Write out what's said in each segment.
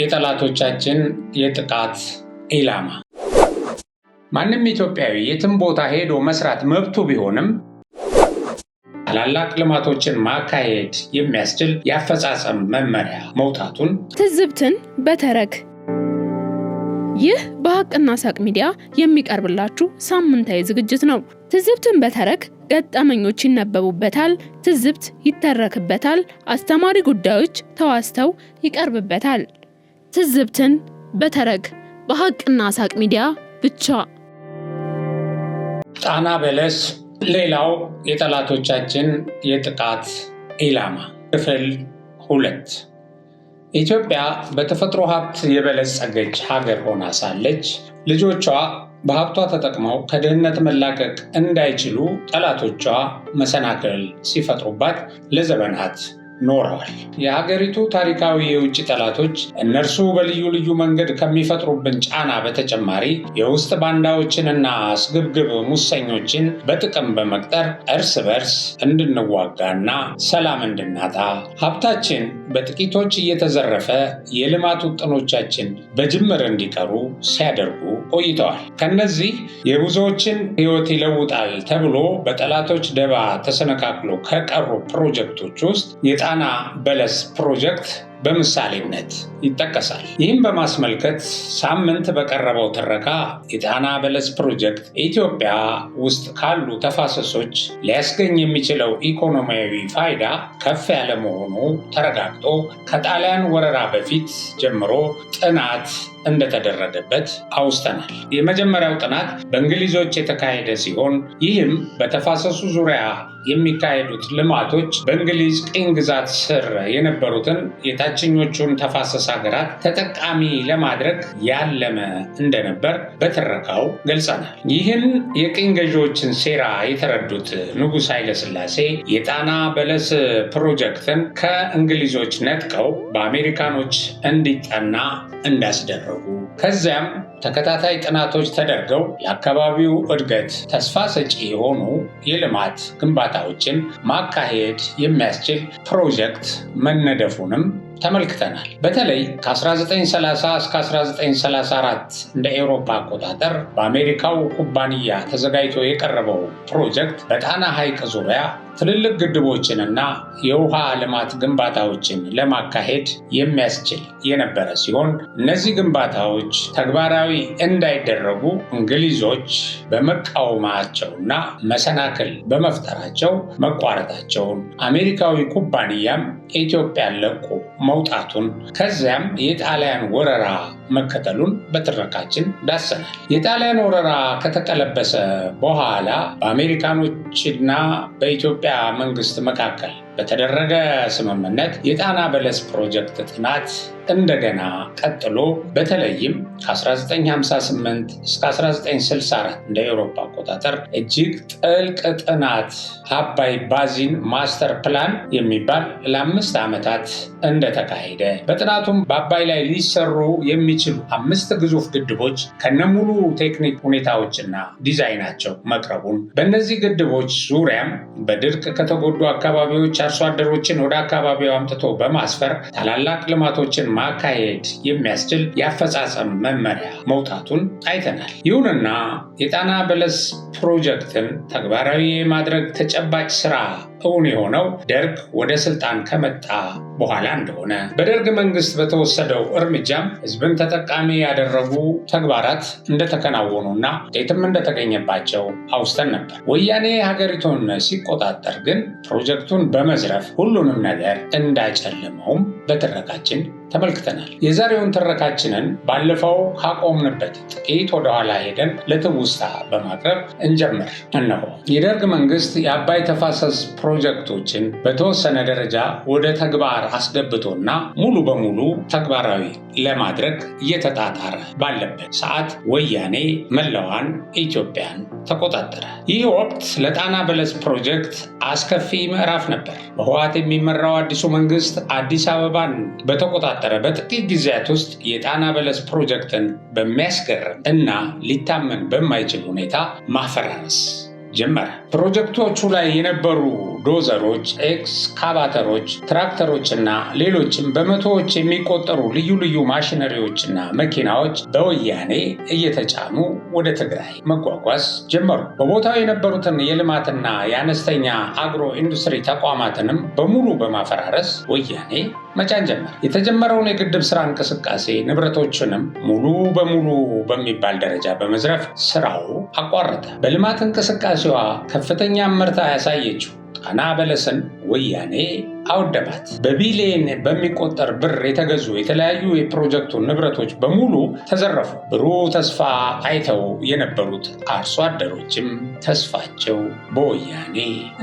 የጠላቶቻችን የጥቃት ኢላማ። ማንም ኢትዮጵያዊ የትም ቦታ ሄዶ መስራት መብቱ ቢሆንም ታላላቅ ልማቶችን ማካሄድ የሚያስችል የአፈጻጸም መመሪያ መውጣቱን ትዝብትን በተረክ ይህ በሀቅና ሳቅ ሚዲያ የሚቀርብላችሁ ሳምንታዊ ዝግጅት ነው። ትዝብትን በተረክ ገጠመኞች ይነበቡበታል፣ ትዝብት ይተረክበታል፣ አስተማሪ ጉዳዮች ተዋስተው ይቀርብበታል። ትዝብትን በተረግ በሀቅና ሳቅ ሚዲያ ብቻ። ጣና በለስ ሌላው የጠላቶቻችን የጥቃት ኢላማ ክፍል ሁለት። ኢትዮጵያ በተፈጥሮ ሀብት የበለጸገች ሀገር ሆና ሳለች ልጆቿ በሀብቷ ተጠቅመው ከድህነት መላቀቅ እንዳይችሉ ጠላቶቿ መሰናክል ሲፈጥሩባት ለዘመናት ኖረዋል። የሀገሪቱ ታሪካዊ የውጭ ጠላቶች እነርሱ በልዩ ልዩ መንገድ ከሚፈጥሩብን ጫና በተጨማሪ የውስጥ ባንዳዎችንና አስግብግብ ሙሰኞችን በጥቅም በመቅጠር እርስ በርስ እንድንዋጋና ሰላም እንድናጣ ሀብታችን በጥቂቶች እየተዘረፈ የልማት ውጥኖቻችን በጅምር እንዲቀሩ ሲያደርጉ ቆይተዋል። ከነዚህ የብዙዎችን ህይወት ይለውጣል ተብሎ በጠላቶች ደባ ተሰነካክሎ ከቀሩ ፕሮጀክቶች ውስጥ የጣና በለስ ፕሮጀክት በምሳሌነት ይጠቀሳል። ይህም በማስመልከት ሳምንት በቀረበው ትረካ የጣና በለስ ፕሮጀክት ኢትዮጵያ ውስጥ ካሉ ተፋሰሶች ሊያስገኝ የሚችለው ኢኮኖሚያዊ ፋይዳ ከፍ ያለ መሆኑ ተረጋግጦ ከጣሊያን ወረራ በፊት ጀምሮ ጥናት እንደተደረደበት አውስተናል። የመጀመሪያው ጥናት በእንግሊዞች የተካሄደ ሲሆን ይህም በተፋሰሱ ዙሪያ የሚካሄዱት ልማቶች በእንግሊዝ ቅኝ ግዛት ስር የነበሩትን የታችኞቹን ተፋሰስ ሀገራት ተጠቃሚ ለማድረግ ያለመ እንደነበር በትረካው ገልጸናል። ይህን የቅኝ ገዢዎችን ሴራ የተረዱት ንጉሥ ኃይለሥላሴ የጣና በለስ ፕሮጀክትን ከእንግሊዞች ነጥቀው በአሜሪካኖች እንዲጠና እንዳስደረጉ ተደረጉ። ከዚያም ተከታታይ ጥናቶች ተደርገው የአካባቢው እድገት ተስፋ ሰጪ የሆኑ የልማት ግንባታዎችን ማካሄድ የሚያስችል ፕሮጀክት መነደፉንም ተመልክተናል። በተለይ ከ1930 እስከ 1934 እንደ ኤውሮፓ አቆጣጠር በአሜሪካው ኩባንያ ተዘጋጅቶ የቀረበው ፕሮጀክት በጣና ሐይቅ ዙሪያ ትልልቅ ግድቦችንና የውሃ ልማት ግንባታዎችን ለማካሄድ የሚያስችል የነበረ ሲሆን እነዚህ ግንባታዎች ተግባራዊ እንዳይደረጉ እንግሊዞች በመቃወማቸውና መሰናክል በመፍጠራቸው መቋረጣቸውን አሜሪካዊ ኩባንያም ኢትዮጵያን ለቆ መውጣቱን ከዚያም የጣሊያን ወረራ መከተሉን በትረካችን ዳሰናል። የጣሊያን ወረራ ከተቀለበሰ በኋላ በአሜሪካኖችና በኢትዮጵያ መንግስት መካከል በተደረገ ስምምነት የጣና በለስ ፕሮጀክት ጥናት እንደገና ቀጥሎ በተለይም ከ1958 እስከ 1964 እንደ ኤውሮፓ አቆጣጠር እጅግ ጥልቅ ጥናት አባይ ባዚን ማስተር ፕላን የሚባል ለአምስት ዓመታት እንደተካሄደ በጥናቱም በአባይ ላይ ሊሰሩ የሚችሉ አምስት ግዙፍ ግድቦች ከነሙሉ ቴክኒክ ሁኔታዎችና ዲዛይናቸው መቅረቡን በእነዚህ ግድቦች ዙሪያም በድርቅ ከተጎዱ አካባቢዎች አርሶ አደሮችን ወደ አካባቢው አምጥቶ በማስፈር ታላላቅ ልማቶችን ማካሄድ የሚያስችል የአፈጻጸም መመሪያ መውጣቱን አይተናል። ይሁንና የጣና በለስ ፕሮጀክትን ተግባራዊ የማድረግ ተጨባጭ ስራ እውን የሆነው ደርግ ወደ ስልጣን ከመጣ በኋላ እንደሆነ በደርግ መንግስት በተወሰደው እርምጃም ህዝብን ተጠቃሚ ያደረጉ ተግባራት እንደተከናወኑና ውጤትም እንደተገኘባቸው አውስተን ነበር። ወያኔ ሀገሪቱን ሲቆጣጠር ግን ፕሮጀክቱን በመዝረፍ ሁሉንም ነገር እንዳጨልመውም በትረካችን ተመልክተናል። የዛሬውን ትረካችንን ባለፈው ካቆምንበት ጥቂት ወደኋላ ሄደን ለትውስታ በማቅረብ እንጀምር። እነሆ የደርግ መንግስት የአባይ ተፋሰስ ፕሮጀክቶችን በተወሰነ ደረጃ ወደ ተግባር አስገብቶና ሙሉ በሙሉ ተግባራዊ ለማድረግ እየተጣጣረ ባለበት ሰዓት ወያኔ መላዋን ኢትዮጵያን ተቆጣጠረ። ይህ ወቅት ለጣና በለስ ፕሮጀክት አስከፊ ምዕራፍ ነበር። በህወሓት የሚመራው አዲሱ መንግስት አዲስ አበባን በተቆጣ በተቆጣጠረበት በጥቂት ጊዜያት ውስጥ የጣና በለስ ፕሮጀክትን በሚያስገርም እና ሊታመን በማይችል ሁኔታ ማፈራረስ ጀመረ። ፕሮጀክቶቹ ላይ የነበሩ ዶዘሮች፣ ኤክስካቫተሮች፣ ትራክተሮችና ሌሎችም በመቶዎች የሚቆጠሩ ልዩ ልዩ ማሽነሪዎችና መኪናዎች በወያኔ እየተጫኑ ወደ ትግራይ መጓጓዝ ጀመሩ። በቦታው የነበሩትን የልማትና የአነስተኛ አግሮ ኢንዱስትሪ ተቋማትንም በሙሉ በማፈራረስ ወያኔ መጫን ጀመር። የተጀመረውን የግድብ ስራ እንቅስቃሴ ንብረቶችንም ሙሉ በሙሉ በሚባል ደረጃ በመዝረፍ ስራው አቋረጠ። በልማት እንቅስቃሴዋ ከፍተኛ ምርታ ያሳየችው an adolescent ወያኔ አወደማት። በቢሊየን በሚቆጠር ብር የተገዙ የተለያዩ የፕሮጀክቱ ንብረቶች በሙሉ ተዘረፉ። ብሩህ ተስፋ አይተው የነበሩት አርሶ አደሮችም ተስፋቸው በወያኔ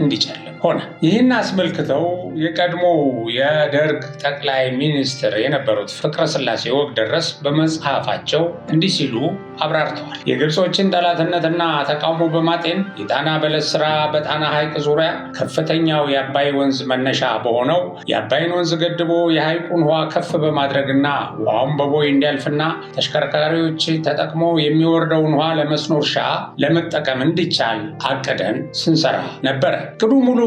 እንዲጨልም ሆነ። ይህን አስመልክተው የቀድሞው የደርግ ጠቅላይ ሚኒስትር የነበሩት ፍቅረ ስላሴ ወግደረስ በመጽሐፋቸው እንዲህ ሲሉ አብራርተዋል። የግብጾችን ጠላትነትና ተቃውሞ በማጤን የጣና በለስ ስራ በጣና ሐይቅ ዙሪያ ከፍተኛው የአባይ ወንዝ መነሻ በሆነው የአባይን ወንዝ ገድቦ የሐይቁን ውሃ ከፍ በማድረግና ውሃውን በቦይ እንዲያልፍና ተሽከርካሪዎች ተጠቅሞ የሚወርደውን ውሃ ለመስኖ እርሻ ለመጠቀም እንዲቻል አቅደን ስንሰራ ነበረ። እቅዱ ሙሉ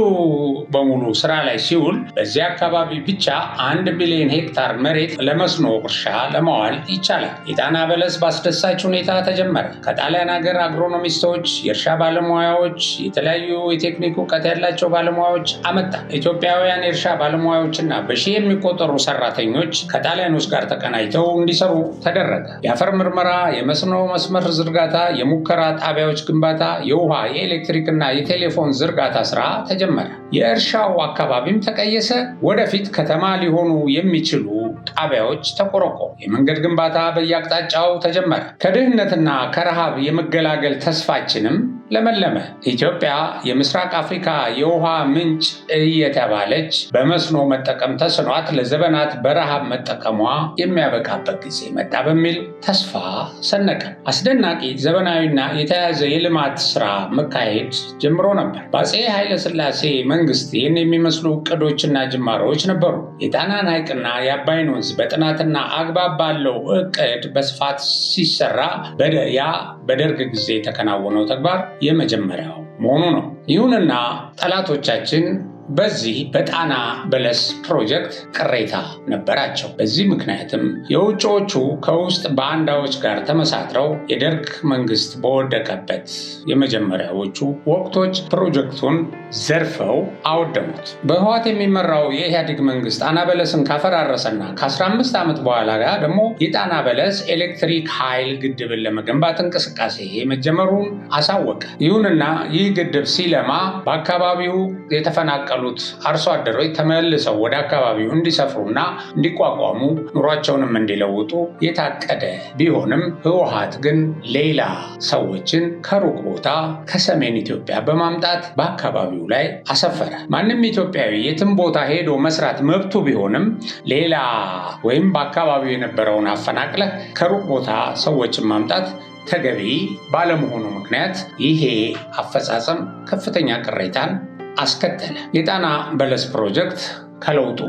በሙሉ ስራ ላይ ሲውል በዚህ አካባቢ ብቻ አንድ ሚሊዮን ሄክታር መሬት ለመስኖ እርሻ ለማዋል ይቻላል። የጣና በለስ በአስደሳች ሁኔታ ተጀመረ። ከጣሊያን ሀገር አግሮኖሚስቶች፣ የእርሻ ባለሙያዎች፣ የተለያዩ የቴክኒክ እውቀት ያላቸው ባለሙያዎች አመጣ ኢትዮጵያውያን የእርሻ ባለሙያዎችና በሺህ የሚቆጠሩ ሰራተኞች ከጣሊያኖች ጋር ተቀናጅተው እንዲሰሩ ተደረገ። የአፈር ምርመራ፣ የመስኖ መስመር ዝርጋታ፣ የሙከራ ጣቢያዎች ግንባታ፣ የውሃ የኤሌክትሪክና የቴሌፎን ዝርጋታ ስራ ተጀመረ። የእርሻው አካባቢም ተቀየሰ። ወደፊት ከተማ ሊሆኑ የሚችሉ ጣቢያዎች ተቆረቆሩ። የመንገድ ግንባታ በየአቅጣጫው ተጀመረ። ከድህነትና ከረሃብ የመገላገል ተስፋችንም ለመለመ። ኢትዮጵያ የምስራቅ አፍሪካ የውሃ ምንጭ እየተባለች በመስኖ መጠቀም ተስኗት ለዘመናት በረሃብ መጠቀሟ የሚያበቃበት ጊዜ መጣ በሚል ተስፋ ሰነቀ። አስደናቂ ዘመናዊና የተያዘ የልማት ስራ መካሄድ ጀምሮ ነበር። በአፄ ኃይለሥላሴ መንግስት ይህን የሚመስሉ እቅዶችና ጅማሮዎች ነበሩ። የጣናን ሐይቅና የአባይን ፋይናንስ በጥናትና አግባብ ባለው እቅድ በስፋት ሲሰራ ያ በደርግ ጊዜ የተከናወነው ተግባር የመጀመሪያው መሆኑ ነው። ይሁንና ጠላቶቻችን በዚህ በጣና በለስ ፕሮጀክት ቅሬታ ነበራቸው። በዚህ ምክንያትም የውጭዎቹ ከውስጥ ባንዳዎች ጋር ተመሳጥረው የደርግ መንግስት በወደቀበት የመጀመሪያዎቹ ወቅቶች ፕሮጀክቱን ዘርፈው አወደሙት። በህዋት የሚመራው የኢህአዴግ መንግስት ጣና በለስን ካፈራረሰና ከ15 ዓመት በኋላ ጋር ደግሞ የጣና በለስ ኤሌክትሪክ ኃይል ግድብን ለመገንባት እንቅስቃሴ መጀመሩን አሳወቀ። ይሁንና ይህ ግድብ ሲለማ በአካባቢው የተፈናቀሉ የተፈናቀሉት አርሶ አደሮች ተመልሰው ወደ አካባቢው እንዲሰፍሩና እንዲቋቋሙ ኑሯቸውንም እንዲለውጡ የታቀደ ቢሆንም ህወሀት ግን ሌላ ሰዎችን ከሩቅ ቦታ ከሰሜን ኢትዮጵያ በማምጣት በአካባቢው ላይ አሰፈረ። ማንም ኢትዮጵያዊ የትም ቦታ ሄዶ መስራት መብቱ ቢሆንም ሌላ ወይም በአካባቢው የነበረውን አፈናቅለህ ከሩቅ ቦታ ሰዎችን ማምጣት ተገቢ ባለመሆኑ ምክንያት ይሄ አፈጻጸም ከፍተኛ ቅሬታን አስከተለ። የጣና በለስ ፕሮጀክት ከለውጡ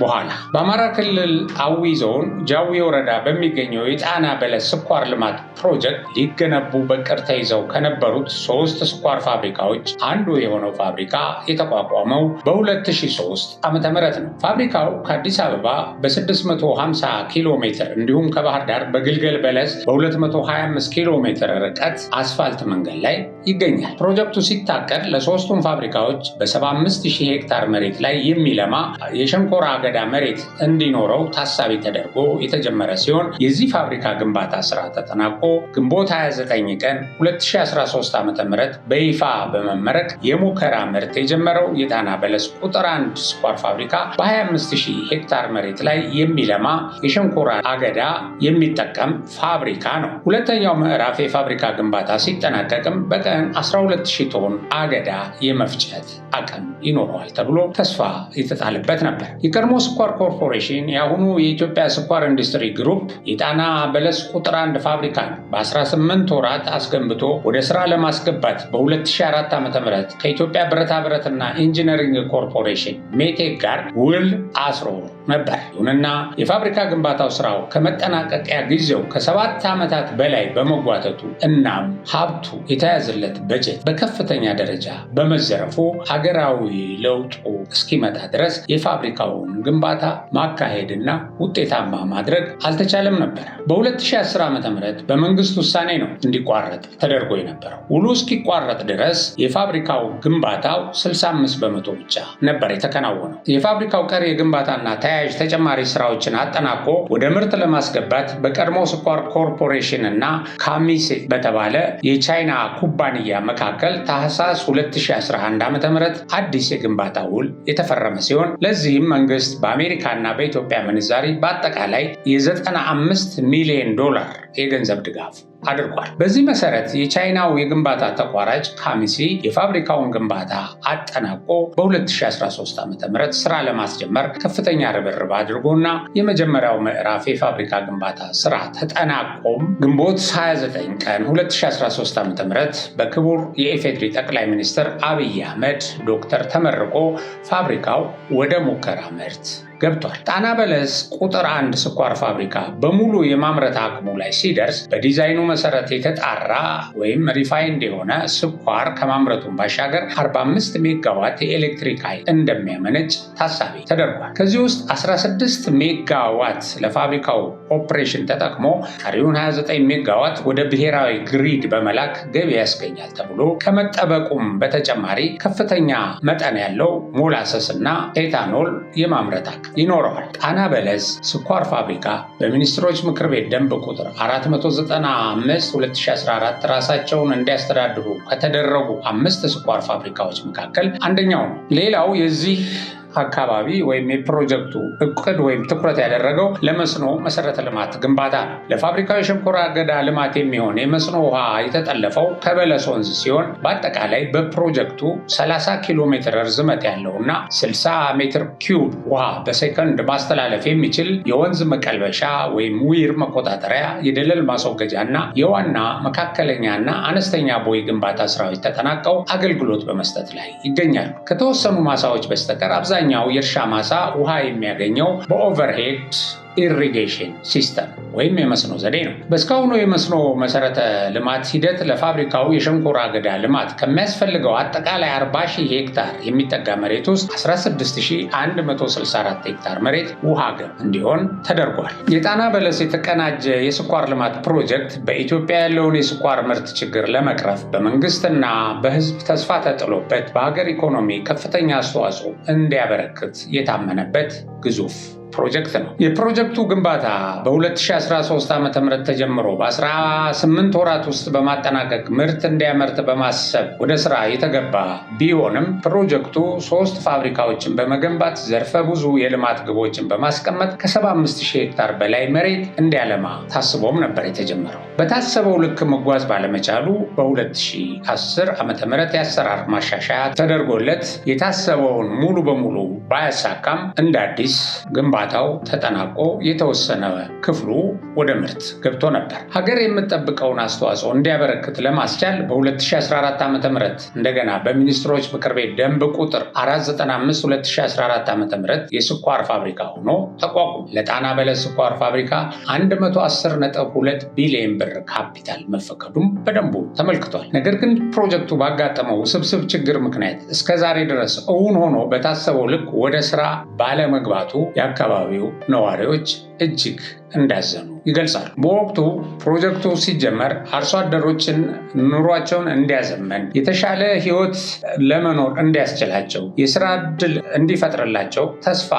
በኋላ በአማራ ክልል አዊ ዞን ጃዊ ወረዳ በሚገኘው የጣና በለስ ስኳር ልማት ፕሮጀክት ሊገነቡ በቅር ተይዘው ከነበሩት ሶስት ስኳር ፋብሪካዎች አንዱ የሆነው ፋብሪካ የተቋቋመው በ2003 ዓ ም ነው። ፋብሪካው ከአዲስ አበባ በ650 ኪሎ ሜትር እንዲሁም ከባህር ዳር በግልገል በለስ በ225 ኪሎ ሜትር ርቀት አስፋልት መንገድ ላይ ይገኛል። ፕሮጀክቱ ሲታቀድ ለሶስቱም ፋብሪካዎች በ75000 ሄክታር መሬት ላይ የሚለማ የሸንኮራ አገዳ መሬት እንዲኖረው ታሳቢ ተደርጎ የተጀመረ ሲሆን የዚህ ፋብሪካ ግንባታ ስራ ተጠናቆ ግንቦት 29 ቀን 2013 ዓ ም በይፋ በመመረቅ የሙከራ ምርት የጀመረው የጣና በለስ ቁጥር አንድ ስኳር ፋብሪካ በ25000 ሄክታር መሬት ላይ የሚለማ የሸንኮራ አገዳ የሚጠቀም ፋብሪካ ነው። ሁለተኛው ምዕራፍ የፋብሪካ ግንባታ ሲጠናቀቅም በቀን 120 ቶን አገዳ የመፍጨት አቅም ይኖረዋል ተብሎ ተስፋ የተጣለበት ነበር። የቀድሞ የፋኖ ስኳር ኮርፖሬሽን የአሁኑ የኢትዮጵያ ስኳር ኢንዱስትሪ ግሩፕ የጣና በለስ ቁጥር አንድ ፋብሪካ በ18 ወራት አስገንብቶ ወደ ስራ ለማስገባት በ2004 ም ከኢትዮጵያ ብረታ ብረትና ኢንጂነሪንግ ኮርፖሬሽን ሜቴክ ጋር ውል አስሮ ነበር። ይሁንና የፋብሪካ ግንባታው ስራው ከመጠናቀቂያ ጊዜው ከሰባት ዓመታት በላይ በመጓተቱ እናም ሀብቱ የተያዘለት በጀት በከፍተኛ ደረጃ በመዘረፉ ሀገራዊ ለውጡ እስኪመጣ ድረስ የፋብሪካውን ግንባታ ማካሄድና ውጤታማ ማድረግ አልተቻለም ነበር። በ2010 ዓ ም በመንግስት ውሳኔ ነው እንዲቋረጥ ተደርጎ የነበረው። ውሉ እስኪቋረጥ ድረስ የፋብሪካው ግንባታው 65 በመቶ ብቻ ነበር የተከናወነው። የፋብሪካው ቀሪ የግንባታና ተያያዥ ተጨማሪ ስራዎችን አጠናቆ ወደ ምርት ለማስገባት በቀድሞ ስኳር ኮርፖሬሽን እና ካሚስ በተባለ የቻይና ኩባንያ መካከል ታህሳስ 2011 ዓ.ም አዲስ የግንባታ ውል የተፈረመ ሲሆን ለዚህም መንግስት በአሜሪካና በኢትዮጵያ ምንዛሪ በአጠቃላይ የ95 ሚሊዮን ዶላር የገንዘብ ድጋፍ አድርጓል። በዚህ መሰረት የቻይናው የግንባታ ተቋራጭ ካሚሲ የፋብሪካውን ግንባታ አጠናቆ በ2013 ዓ.ም ስራ ለማስጀመር ከፍተኛ ርብርብ አድርጎና የመጀመሪያው ምዕራፍ የፋብሪካ ግንባታ ስራ ተጠናቆም ግንቦት 29 ቀን 2013 ዓ.ም በክቡር የኢፌድሪ ጠቅላይ ሚኒስትር አብይ አህመድ ዶክተር ተመርቆ ፋብሪካው ወደ ሙከራ ምርት ገብቷል። ጣና በለስ ቁጥር አንድ ስኳር ፋብሪካ በሙሉ የማምረት አቅሙ ላይ ሲደርስ በዲዛይኑ መሰረት የተጣራ ወይም ሪፋይንድ የሆነ ስኳር ከማምረቱን ባሻገር 45 ሜጋዋት የኤሌክትሪክ ኃይል እንደሚያመነጭ ታሳቢ ተደርጓል። ከዚህ ውስጥ 16 ሜጋዋት ለፋብሪካው ኦፕሬሽን ተጠቅሞ ቀሪውን 29 ሜጋዋት ወደ ብሔራዊ ግሪድ በመላክ ገቢ ያስገኛል ተብሎ ከመጠበቁም በተጨማሪ ከፍተኛ መጠን ያለው ሞላሰስ እና ኤታኖል የማምረት አቅም ይኖረዋል። ጣና በለስ ስኳር ፋብሪካ በሚኒስትሮች ምክር ቤት ደንብ ቁጥር 495/2014 ራሳቸውን እንዲያስተዳድሩ ከተደረጉ አምስት ስኳር ፋብሪካዎች መካከል አንደኛው ነው። ሌላው የዚህ አካባቢ ወይም የፕሮጀክቱ እቅድ ወይም ትኩረት ያደረገው ለመስኖ መሰረተ ልማት ግንባታ ነው። ለፋብሪካዊ ሸንኮራ አገዳ ልማት የሚሆን የመስኖ ውሃ የተጠለፈው ከበለስ ወንዝ ሲሆን በአጠቃላይ በፕሮጀክቱ 30 ኪሎ ሜትር ርዝመት ያለው እና 60 ሜትር ኪዩብ ውሃ በሴከንድ ማስተላለፍ የሚችል የወንዝ መቀልበሻ ወይም ዊር መቆጣጠሪያ፣ የደለል ማስወገጃ እና የዋና መካከለኛና አነስተኛ ቦይ ግንባታ ስራዎች ተጠናቀው አገልግሎት በመስጠት ላይ ይገኛሉ። ከተወሰኑ ማሳዎች በስተቀር አብዛኛው አብዛኛው የእርሻ ማሳ ውሃ የሚያገኘው በኦቨርሄድ ኢሪጌሽን ሲስተም ወይም የመስኖ ዘዴ ነው። በእስካሁኑ የመስኖ መሰረተ ልማት ሂደት ለፋብሪካው የሸንኮራ አገዳ ልማት ከሚያስፈልገው አጠቃላይ 40 ሄክታር የሚጠጋ መሬት ውስጥ 16164 ሄክታር መሬት ውሃ ገብ እንዲሆን ተደርጓል። የጣና በለስ የተቀናጀ የስኳር ልማት ፕሮጀክት በኢትዮጵያ ያለውን የስኳር ምርት ችግር ለመቅረፍ በመንግስትና በህዝብ ተስፋ ተጥሎበት በሀገር ኢኮኖሚ ከፍተኛ አስተዋጽኦ እንዲያበረክት የታመነበት ግዙፍ ፕሮጀክት ነው። የፕሮጀክቱ ግንባታ በ2013 ዓ ም ተጀምሮ በ18 ወራት ውስጥ በማጠናቀቅ ምርት እንዲያመርት በማሰብ ወደ ስራ የተገባ ቢሆንም ፕሮጀክቱ ሶስት ፋብሪካዎችን በመገንባት ዘርፈ ብዙ የልማት ግቦችን በማስቀመጥ ከ75000 ሄክታር በላይ መሬት እንዲያለማ ታስቦም ነበር የተጀመረው። በታሰበው ልክ መጓዝ ባለመቻሉ በ2010 ዓ ም የአሰራር ማሻሻያ ተደርጎለት የታሰበውን ሙሉ በሙሉ ባያሳካም እንደ አዲስ ግንባታው ተጠናቆ የተወሰነ ክፍሉ ወደ ምርት ገብቶ ነበር። ሀገር የምትጠብቀውን አስተዋጽኦ እንዲያበረክት ለማስቻል በ2014 ዓ ም እንደገና በሚኒስትሮች ምክር ቤት ደንብ ቁጥር 495/2014 ዓ ም የስኳር ፋብሪካ ሆኖ ተቋቁሞ ለጣና በለስ ስኳር ፋብሪካ 110.2 ቢሊዮን ብር ካፒታል መፈቀዱም በደንቡ ተመልክቷል። ነገር ግን ፕሮጀክቱ ባጋጠመው ውስብስብ ችግር ምክንያት እስከ ዛሬ ድረስ እውን ሆኖ በታሰበው ልክ ወደ ስራ ባለመግባቱ የአካባቢው ነዋሪዎች እጅግ እንዳዘኑ ይገልጻል። በወቅቱ ፕሮጀክቱ ሲጀመር አርሶ አደሮችን ኑሯቸውን እንዲያዘመን፣ የተሻለ ሕይወት ለመኖር እንዲያስችላቸው፣ የስራ እድል እንዲፈጥርላቸው ተስፋ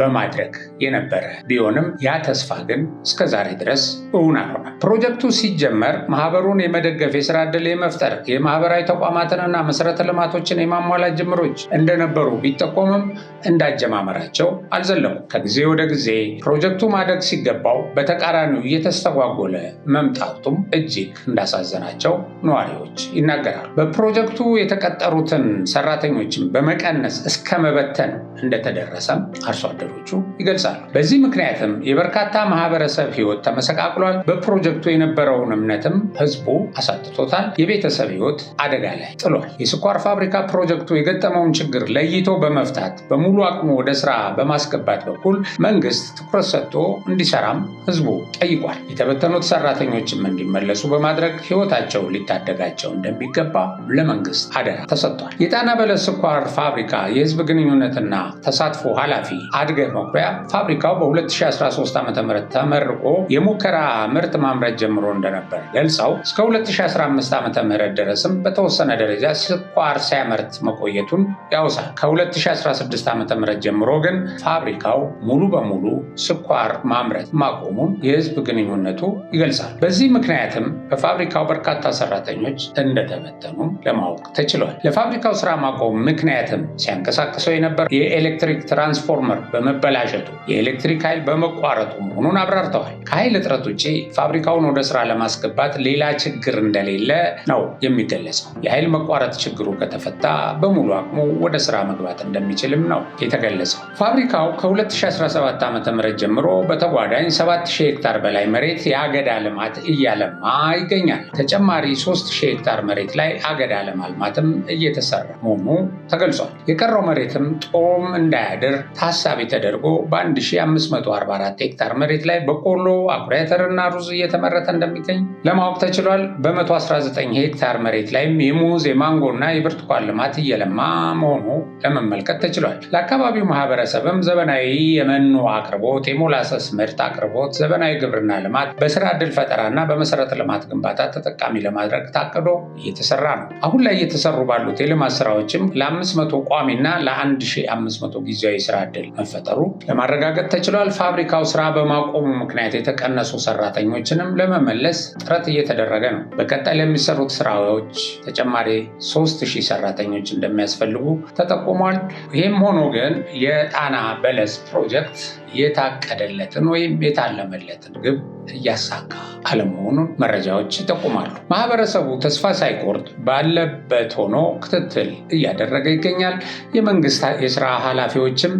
በማድረግ የነበረ ቢሆንም ያ ተስፋ ግን እስከ ዛሬ ድረስ እውን አልሆነ። ፕሮጀክቱ ሲጀመር ማህበሩን የመደገፍ የስራ ዕድል የመፍጠር የማህበራዊ ተቋማትንና መሰረተ ልማቶችን የማሟላት ጅምሮች እንደነበሩ ቢጠቆምም እንዳጀማመራቸው አልዘለቁም። ከጊዜ ወደ ጊዜ ፕሮጀክቱ ማደግ ሲገባው በተቃራኒው እየተስተጓጎለ መምጣቱም እጅግ እንዳሳዘናቸው ነዋሪዎች ይናገራሉ። በፕሮጀክቱ የተቀጠሩትን ሰራተኞችን በመቀነስ እስከ መበተን እንደተደረሰም አርሶ ወታደሮቹ ይገልጻሉ። በዚህ ምክንያትም የበርካታ ማህበረሰብ ህይወት ተመሰቃቅሏል። በፕሮጀክቱ የነበረውን እምነትም ህዝቡ አሳጥቶታል። የቤተሰብ ህይወት አደጋ ላይ ጥሏል። የስኳር ፋብሪካ ፕሮጀክቱ የገጠመውን ችግር ለይቶ በመፍታት በሙሉ አቅሙ ወደ ስራ በማስገባት በኩል መንግስት ትኩረት ሰጥቶ እንዲሰራም ህዝቡ ጠይቋል። የተበተኑት ሰራተኞችም እንዲመለሱ በማድረግ ህይወታቸው ሊታደጋቸው እንደሚገባ ለመንግስት አደራ ተሰጥቷል። የጣና በለስ ስኳር ፋብሪካ የህዝብ ግንኙነትና ተሳትፎ ኃላፊ አድ አገባው ፋብሪካው በ2013 ዓ ም ተመርቆ የሙከራ ምርት ማምረት ጀምሮ እንደነበር ገልጸው እስከ 2015 ዓ ም ድረስም በተወሰነ ደረጃ ስኳር ሲያመርት መቆየቱን ያውሳል። ከ2016 ዓ ም ጀምሮ ግን ፋብሪካው ሙሉ በሙሉ ስኳር ማምረት ማቆሙን የህዝብ ግንኙነቱ ይገልጻል። በዚህ ምክንያትም በፋብሪካው በርካታ ሰራተኞች እንደተበተኑም ለማወቅ ተችሏል። ለፋብሪካው ስራ ማቆም ምክንያትም ሲያንቀሳቅሰው የነበረ የኤሌክትሪክ ትራንስፎርመር በመበላሸቱ የኤሌክትሪክ ኃይል በመቋረጡ መሆኑን አብራርተዋል። ከኃይል እጥረት ውጭ ፋብሪካውን ወደ ስራ ለማስገባት ሌላ ችግር እንደሌለ ነው የሚገለጸው። የኃይል መቋረጥ ችግሩ ከተፈታ በሙሉ አቅሙ ወደ ስራ መግባት እንደሚችልም ነው የተገለጸው። ፋብሪካው ከ2017 ዓ ም ጀምሮ በተጓዳኝ 7000 ሄክታር በላይ መሬት የአገዳ ልማት እያለማ ይገኛል። ተጨማሪ 3000 ሄክታር መሬት ላይ አገዳ ለማልማትም እየተሰራ መሆኑ ተገልጿል። የቀረው መሬትም ጦም እንዳያድር ታሳቢ ተደርጎ በ1544 ሄክታር መሬት ላይ በቆሎ፣ አኩሪ አተርና ሩዝ እየተመረተ እንደሚገኝ ለማወቅ ተችሏል። በ119 ሄክታር መሬት ላይም የሙዝ የማንጎና የብርቱካን ልማት እየለማ መሆኑ ለመመልከት ተችሏል። ለአካባቢው ማህበረሰብም ዘመናዊ የመኖ አቅርቦት፣ የሞላሰስ ምርት አቅርቦት፣ ዘመናዊ ግብርና ልማት፣ በስራ ዕድል ፈጠራና በመሰረተ ልማት ግንባታ ተጠቃሚ ለማድረግ ታቅዶ እየተሰራ ነው። አሁን ላይ እየተሰሩ ባሉት የልማት ስራዎችም ለ500 ቋሚና ለ1500 ጊዜያዊ ስራ ዕድል መፈጠሩ ለማረጋገጥ ተችሏል። ፋብሪካው ስራ በማቆሙ ምክንያት የተቀነሱ ሰራተኞችንም ለመመለስ ጥረት እየተደረገ ነው። በቀጣይ ለሚሰሩት ስራዎች ተጨማሪ 3000 ሰራተኞች እንደሚያስፈልጉ ተጠቁሟል። ይህም ሆኖ ግን የጣና በለስ ፕሮጀክት የታቀደለትን ወይም የታለመለትን ግብ እያሳካ አለመሆኑን መረጃዎች ይጠቁማሉ። ማህበረሰቡ ተስፋ ሳይቆርጥ ባለበት ሆኖ ክትትል እያደረገ ይገኛል። የመንግስት የስራ ኃላፊዎችም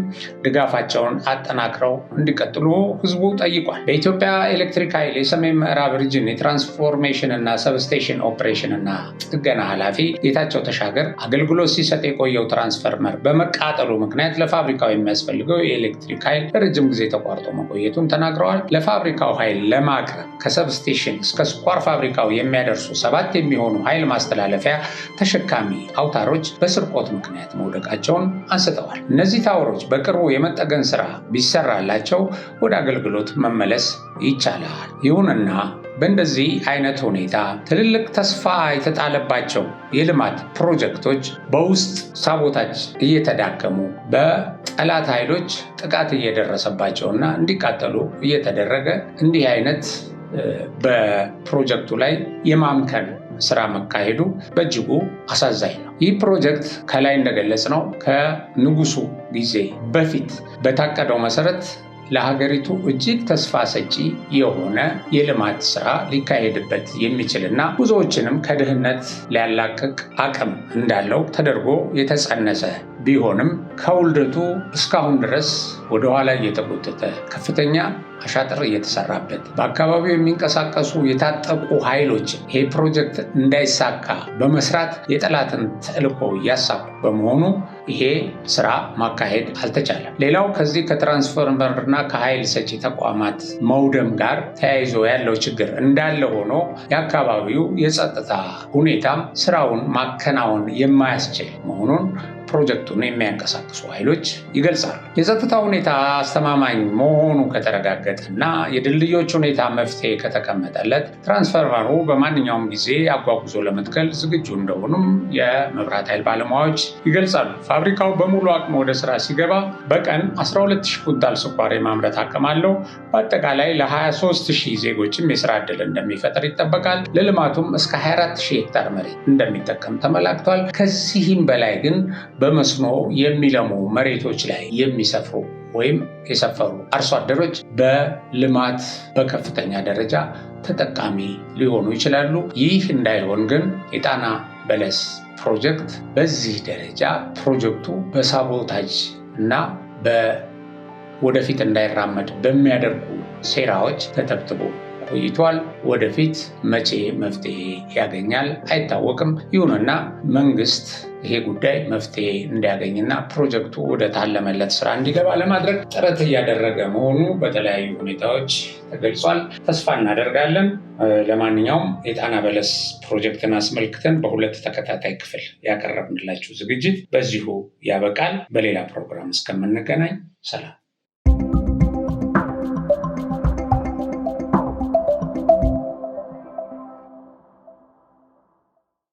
ድጋፋቸውን አጠናክረው እንዲቀጥሉ ህዝቡ ጠይቋል። በኢትዮጵያ ኤሌክትሪክ ኃይል የሰሜን ምዕራብ ሪጅን የትራንስፎርሜሽን እና ሰብስቴሽን ኦፕሬሽን እና ጥገና ኃላፊ ጌታቸው ተሻገር አገልግሎት ሲሰጥ የቆየው ትራንስፈርመር በመቃጠሉ ምክንያት ለፋብሪካው የሚያስፈልገው የኤሌክትሪክ ኃይል ረጅ ለረጅም ጊዜ ተቋርጦ መቆየቱን ተናግረዋል። ለፋብሪካው ኃይል ለማቅረብ ከሰብስቴሽን እስከ ስኳር ፋብሪካው የሚያደርሱ ሰባት የሚሆኑ ኃይል ማስተላለፊያ ተሸካሚ አውታሮች በስርቆት ምክንያት መውደቃቸውን አንስተዋል። እነዚህ ታወሮች በቅርቡ የመጠገን ስራ ቢሰራላቸው ወደ አገልግሎት መመለስ ይቻላል። ይሁንና በእንደዚህ አይነት ሁኔታ ትልልቅ ተስፋ የተጣለባቸው የልማት ፕሮጀክቶች በውስጥ ሳቦታጅ እየተዳከሙ በጠላት ኃይሎች ጥቃት እየደረሰባቸውና እንዲቃጠሉ እየተደረገ እንዲህ አይነት በፕሮጀክቱ ላይ የማምከን ስራ መካሄዱ በእጅጉ አሳዛኝ ነው። ይህ ፕሮጀክት ከላይ እንደገለጽ ነው ከንጉሱ ጊዜ በፊት በታቀደው መሰረት ለሀገሪቱ እጅግ ተስፋ ሰጪ የሆነ የልማት ስራ ሊካሄድበት የሚችልና ብዙዎችንም ከድህነት ሊያላቅቅ አቅም እንዳለው ተደርጎ የተጸነሰ ቢሆንም ከውልደቱ እስካሁን ድረስ ወደኋላ እየተጎተተ ከፍተኛ አሻጥር እየተሰራበት በአካባቢው የሚንቀሳቀሱ የታጠቁ ኃይሎች ይሄ ፕሮጀክት እንዳይሳካ በመስራት የጠላትን ተልዕኮ እያሳኩ በመሆኑ ይሄ ስራ ማካሄድ አልተቻለም። ሌላው ከዚህ ከትራንስፎርመርና ከኃይል ሰጪ ተቋማት መውደም ጋር ተያይዞ ያለው ችግር እንዳለ ሆኖ የአካባቢው የጸጥታ ሁኔታም ስራውን ማከናወን የማያስችል መሆኑን ፕሮጀክቱን የሚያንቀሳቅሱ ኃይሎች ይገልጻሉ። የጸጥታ ሁኔታ አስተማማኝ መሆኑ ከተረጋገጠና የድልድዮች ሁኔታ መፍትሄ ከተቀመጠለት ትራንስፈርመሩ በማንኛውም ጊዜ አጓጉዞ ለመትከል ዝግጁ እንደሆኑም የመብራት ኃይል ባለሙያዎች ይገልጻሉ። ፋብሪካው በሙሉ አቅም ወደ ስራ ሲገባ በቀን 120 ኩንታል ስኳር የማምረት አቅም አለው። በአጠቃላይ ለ23000 ዜጎችም የስራ እድል እንደሚፈጥር ይጠበቃል። ለልማቱም እስከ 24000 ሄክታር መሬት እንደሚጠቀም ተመላክቷል። ከዚህም በላይ ግን በመስኖ የሚለሙ መሬቶች ላይ የሚሰፍሩ ወይም የሰፈሩ አርሶ አደሮች በልማት በከፍተኛ ደረጃ ተጠቃሚ ሊሆኑ ይችላሉ። ይህ እንዳይሆን ግን የጣና በለስ ፕሮጀክት በዚህ ደረጃ ፕሮጀክቱ በሳቦታጅ እና ወደፊት እንዳይራመድ በሚያደርጉ ሴራዎች ተጠብጥቦ ቆይቷል። ወደፊት መቼ መፍትሄ ያገኛል አይታወቅም። ይሁንና መንግስት ይሄ ጉዳይ መፍትሄ እንዲያገኝና ፕሮጀክቱ ወደ ታለመለት ስራ እንዲገባ ለማድረግ ጥረት እያደረገ መሆኑ በተለያዩ ሁኔታዎች ተገልጿል። ተስፋ እናደርጋለን። ለማንኛውም የጣና በለስ ፕሮጀክትን አስመልክተን በሁለት ተከታታይ ክፍል ያቀረብንላችሁ ዝግጅት በዚሁ ያበቃል። በሌላ ፕሮግራም እስከምንገናኝ ሰላም።